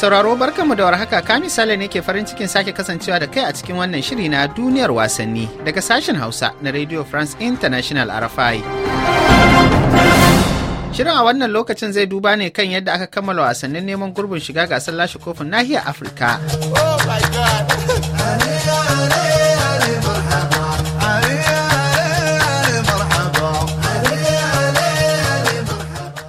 sauraro barkanmu da warhaka ka misali ne ke farin cikin sake kasancewa da kai a cikin wannan shiri na duniyar wasanni daga sashen Hausa na Radio France International RFI. Shirin a wannan lokacin zai duba ne kan yadda aka kammala wasannin neman gurbin shiga gasar lashe kofin nahiyar Afirka. Oh my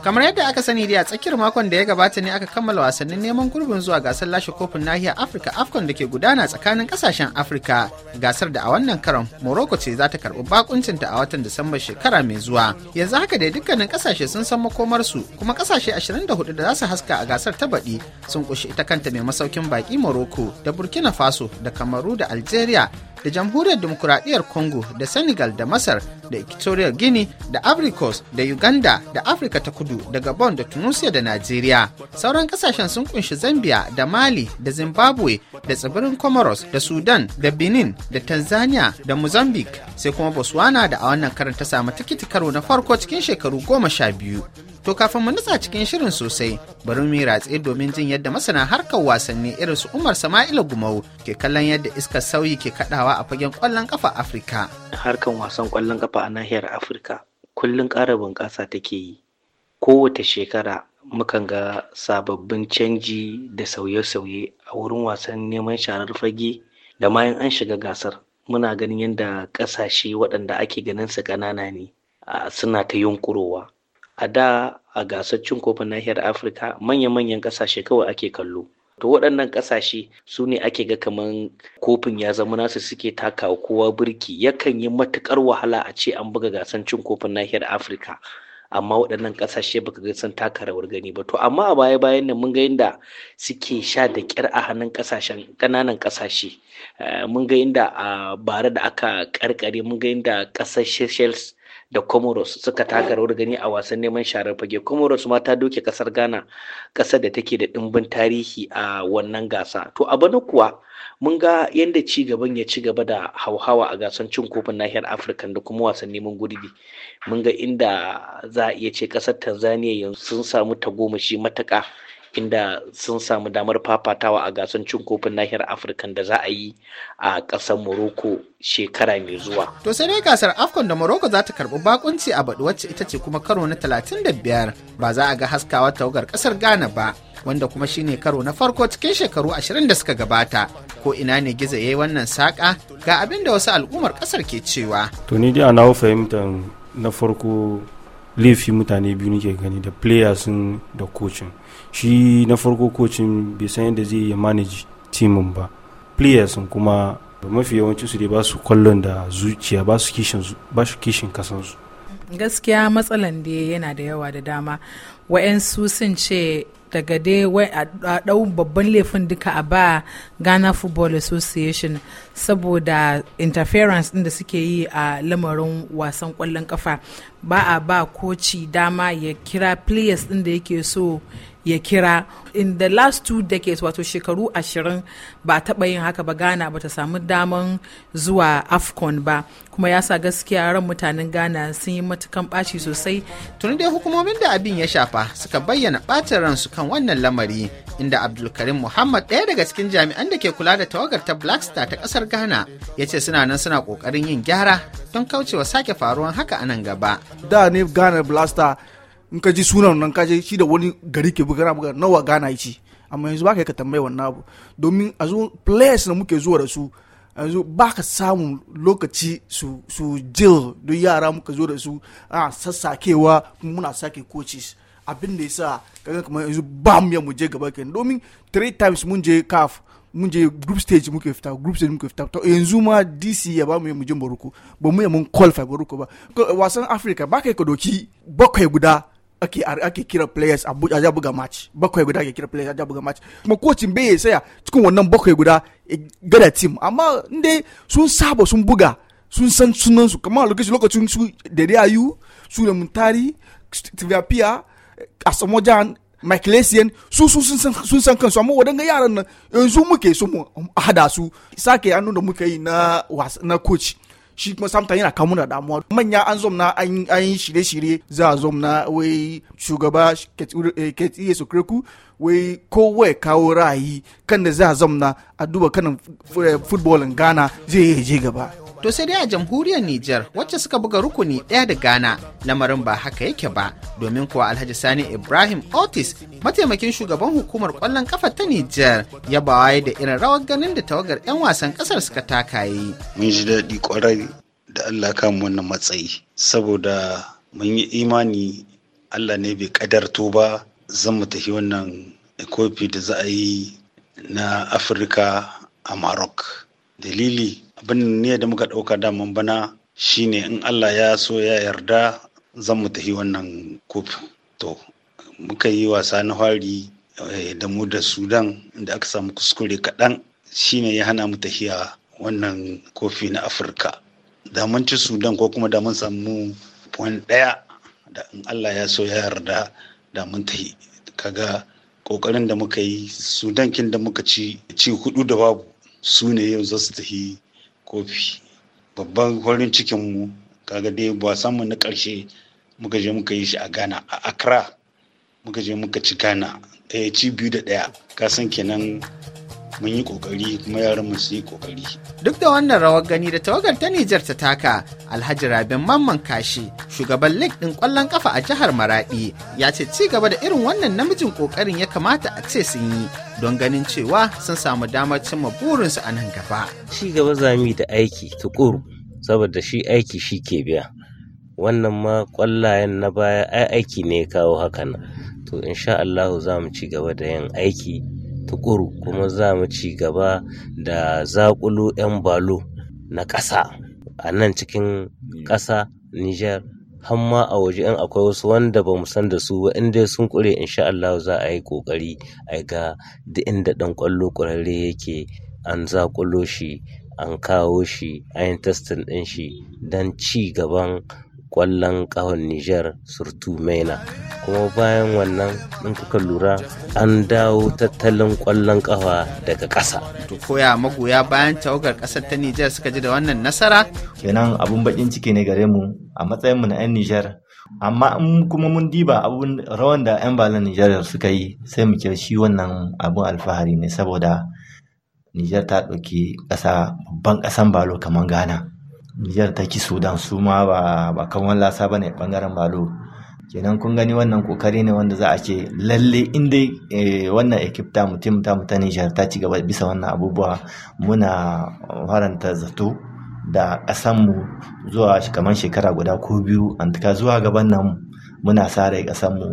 kamar yadda aka sani dai a tsakiyar makon da ya gabata ne aka kammala wasannin neman gurbin zuwa gasar lashe kofin nahiyar afirka afcon da ke gudana tsakanin kasashen afirka gasar da a wannan karon morocco ce za ta karbi bakuncinta a watan disamba shekara mai zuwa yanzu haka dai dukkanin kasashe sun san makomarsu kuma kasashe 24 da za su haska a gasar ta baɗi sun ƙunshi ita kanta mai masaukin baki morocco da burkina faso da kamaru da algeria da jamhuriyar demokuraɗiyyar congo da senegal da masar da equatorial guinea da africos da uganda da afirka ta kudu da gabon da tunisia da Najeriya. sauran kasashen sun kunshi zambia da mali da zimbabwe da tsibirin comoros da sudan da benin da tanzania da mozambique sai kuma botswana da a wannan karanta ta samu tikiti karo na farko cikin shekaru goma sha biyu To kafin mu nutsa cikin shirin sosai, bari mu ratse domin jin yadda masana harkar wasanni irin su Umar Sama'ila Gumau ke kallon yadda iskar sauyi ke kaɗawa a fagen kwallon kafa Afirka. Harkar wasan kwallon kafa a nahiyar Afirka kullum ƙara bunƙasa take yi. Kowace shekara mukan ga sababbin canji da sauye-sauye a wurin wasan neman sharar fage da ma an shiga gasar. Muna ganin yadda ƙasashe waɗanda ake ganin su ƙanana ne suna ta yunkurowa. a da a gasar cin kofin nahiyar afirka manya-manyan ƙasashe kawai ake kallo to waɗannan ƙasashe su ne ake ga kaman kofin ya zama nasu suke takawa kowa birki yakan yi matukar wahala a ce an buga gasar cin kofin nahiyar afirka amma waɗannan kasashe baka ga san taka rawar gani ba to amma a baya bayan nan mun ga yadda suke sha da ƙyar a hannun ƙasashen ƙananan kasashe eh, mun ga yadda a bare da aka karkare mun ga yadda kasashe shells? da comoros suka taka rawar gani a wasan neman sharar fage comoros ma ta doke kasar ghana kasar da take da ɗimbin tarihi a wannan gasa to a bana kuwa mun ga yadda ci gaban ya ci gaba da hauhawa a gasan cin kofin nahiyar afirka da kuma wasan neman gurbi mun ga inda za a iya ce kasar tanzania yanzu sun samu tagomashi mataka inda sun samu damar fafatawa a gasar cin kofin nahiyar afirka da za a yi a ƙasar morocco shekara mai zuwa to sai dai gasar afcon da morocco za ta karbi bakunci a baɗi wacce ita ce kuma karo na 35 ba za a ga haskawa tawagar ƙasar ghana ba wanda kuma shine karo na farko cikin shekaru ashirin da suka gabata ko ina ne gizo yayi wannan saƙa ga abin da wasu al'ummar kasar ke cewa to ni dai a fahimtar na farko laifi mutane biyu nake gani da players da coaching shi na farko kocin bai san yadda zai ya manage timin ba players kuma mafi yawanci su dai ba su kwallon da zuciya ba su kishin kasansu gaskiya matsalan da yana da yawa da dama wa'yansu sun ce daga dai a ɗau babban laifin duka a ba ghana football association saboda interference ɗin da suke yi a lamarin wasan kwallon kafa ba a ba koci dama ya kira players ɗin da yake so ya kira in the last two decades wato shekaru ashirin ba taɓa yin haka ba ghana ba ta samu daman zuwa afcon ba kuma ya sa gaskiya ran mutanen ghana sun yi matukan ɓaci sosai tun dai hukumomin da abin ya shafa suka bayyana ɓacin ransu kan wannan lamari inda abdulkarim muhammad ɗaya daga cikin jami'an da ke kula da tawagar ta black star ta ƙasar ghana ya ce suna nan suna ƙoƙarin yin gyara don kaucewa sake faruwan haka a nan gaba da ni ghana black in ka ji sunan nan ka je shi da wani gari ke buga buga nawa gana yi ci amma yanzu ba ka ka tambaye wannan abu domin a zo players na muke zuwa da su yanzu ba ka samun lokaci su su jil don yara muka zo da su a sassakewa muna sake coaches abin da yasa kaga kamar yanzu ba mu mu je gaba kenan domin three times mun je caf mun je group stage muke fita group stage muke fita yanzu ma dc ya ba mu ya muje morocco ba mu ya mun qualify morocco ba wasan africa ba kai ka doki bakwai guda ake ake kira players a ja buga match bakwai guda ake kira players a ja buga match kuma kocin bai saya cikin wannan bakwai guda e, gada team amma inda sun saba sun buga sun san sunan su kamar lokacin lokacin su da Ayu su da Muntari Tiviapia eh, Asamojan Michaelesian su su sun san kansu amma waɗanda yaran nan yanzu muke sun mu hada su sake hannu da muka yi na na coach shi kuma samta yana kamu da damuwa manya an na an yi shirye-shirye za a na wai shugaba ketiye eh, su kirku wai kowa ya kawo ra'ayi kan da za a na a duba kanin eh, futbolin ghana zai je gaba To sai dai a jamhuriyar Nijar wacce suka buga rukuni ɗaya da Ghana lamarin ba haka yake ba domin kuwa Alhaji Sani Ibrahim Otis mataimakin shugaban hukumar kwallon kafa ta Nijar ya bawaye da irin rawar ganin da tawagar 'yan wasan ƙasar suka taka yi. Mun ji daɗi ƙwarai da Allah kan wannan matsayi saboda mun yi imani Allah ne bai ƙadarto ba zan mu tafi wannan kofi da za a yi na Afirka a Maroc. dalili abin ne da muka ɗauka daman bana shine in allah ya so ya yarda zan mu tafi wannan kofin to muka yi wasa na hwari eh, da mu da sudan da aka samu kuskure kaɗan shine ya hana mu tafiya wannan kofi na afirka daman ci sudan ko kuma daman samu point ɗaya da in allah ya so ya yarda da mun tafi kaga kokarin da muka yi sudan kin da muka ci ci hudu da babu su ne yau za su tafi kofi babban farin cikinmu kaga dai ba samu na ƙarshe muka je muka yi shi a ghana a accra muka je muka ci ghana ɗaya eh, ci biyu da ɗaya kasan kenan mun yi kokari kuma yaran mu sun yi kokari duk da wannan rawar gani da tawagar ta Nijar ta taka Alhaji Rabin Mamman Kashi shugaban lig ɗin kwallon ƙafa a jihar Maraɗi, ya ce ci gaba da irin wannan namijin kokarin ya kamata a ce sun yi don ganin cewa sun samu damar cimma burinsu a nan gaba ci gaba yi da aiki tuƙuru saboda shi aiki shi ke biya wannan ma kwallayen na baya ai aiki ne ya kawo hakan to insha Allahu za mu ci gaba da yin aiki tukuru kuma za mu ci gaba da zakulu 'yan balo na ƙasa a nan cikin ƙasa Nijar hamma a waje in akwai wasu wanda ba san da su ba in sun kure insha Allah za a yi kokari a ga duk inda dan kwallo kurare yake an zakulo shi an kawo shi an yi testin din shi don ci gaban kwallon ƙahon Nijar surtu maina. Kuma bayan wannan in kuka lura an dawo tattalin ƙwallon ƙafa daga ƙasa. To koya magoya bayan tawagar ƙasar ta Nijar suka ji da wannan nasara? Kenan abun baƙin ciki ne gare mu a mu na 'yan Nijar. amma in kuma mun diba abun rawan da 'yan balan Nijar suka yi sai mu shi wannan abun alfahari ne saboda Nijar ta ɗauki ƙasa babban ƙasan balo kamar Ghana Nijar ta ki Sudan su ma ba ba lasa ba ne bangaren balo kenan kun gani wannan kokari ne wanda za a ce lalle in dai eh, wannan ekip ta mutum ta mutane Nijar ta ci gaba bisa wannan abubuwa muna haranta zato da ƙasanmu zuwa kamar shekara guda ko biyu ka zuwa gaban nan muna sare rai mu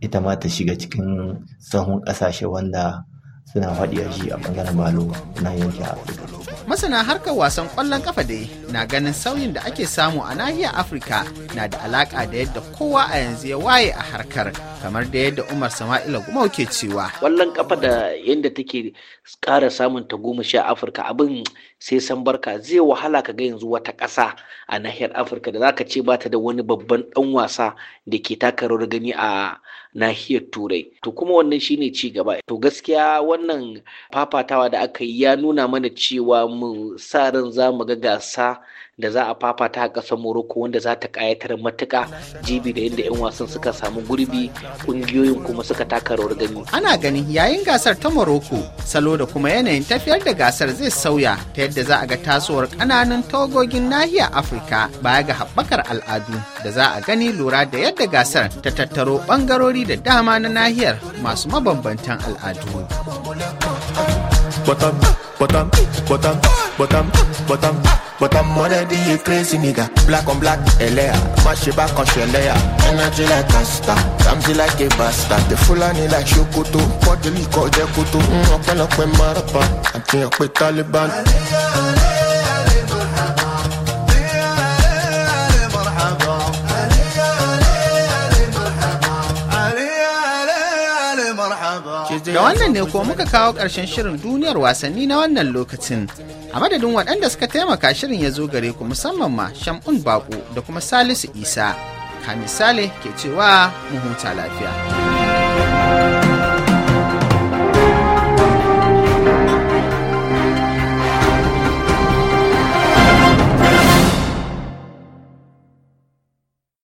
ita ma ta shiga cikin sahun ƙasashe wanda suna faɗi a ji a ɓangaren malo na yankin afirka masana harkar wasan ƙwallon kafa dai na ganin sauyin da ake samu a nahiyar afirka na da alaƙa da yadda kowa a yanzu ya waye a harkar kamar da yadda Umar Sama'ila kuma ke cewa. Wallon kafa da yadda take ƙara samun goma a Afirka abin sai san barka zai wahala ka ga yanzu wata ƙasa a nahiyar Afirka da zaka ce bata da wani babban ɗan wasa da ke taka rawar gani a nahiyar Turai. To kuma wannan shine ci gaba. To gaskiya wannan fafatawa da aka yi ya nuna mana cewa mu sa ran za mu ga gasa da za a fafata a ƙasar Morocco wanda za ta ƙayatar matuƙa jibi da inda 'yan wasan suka samu gurbi ƙungiyoyin kuma suka taka rawar gani. Ana ganin yayin gasar ta Morocco salo da kuma yanayin tafiyar da gasar zai sauya ta yadda za a ga tasowar ƙananan togogin nahiyar Afirka baya ga haɓakar al'adu da za a gani lura da yadda gasar ta tattaro ɓangarori da dama na nahiyar masu mabambantan al'adu. Bottom, bottom, bottom, bottom, bottom. am but i a crazy nigga. Black on black, Elea. Mash it back on Shelea. Energy like a star. Something like a bastard. The Fulani like Shokoto. Bodily called Jakoto. Mm, I'm gonna quit my rapper. I am I'll quit Taliban. Aliyah. Da wannan ne ko muka kawo ƙarshen shirin duniyar wasanni na wannan lokacin. A madadin waɗanda suka taimaka shirin ya zo gare ku musamman ma Shamun Bako da kuma Salisu Isa. Kamisale ke cewa mu huta lafiya.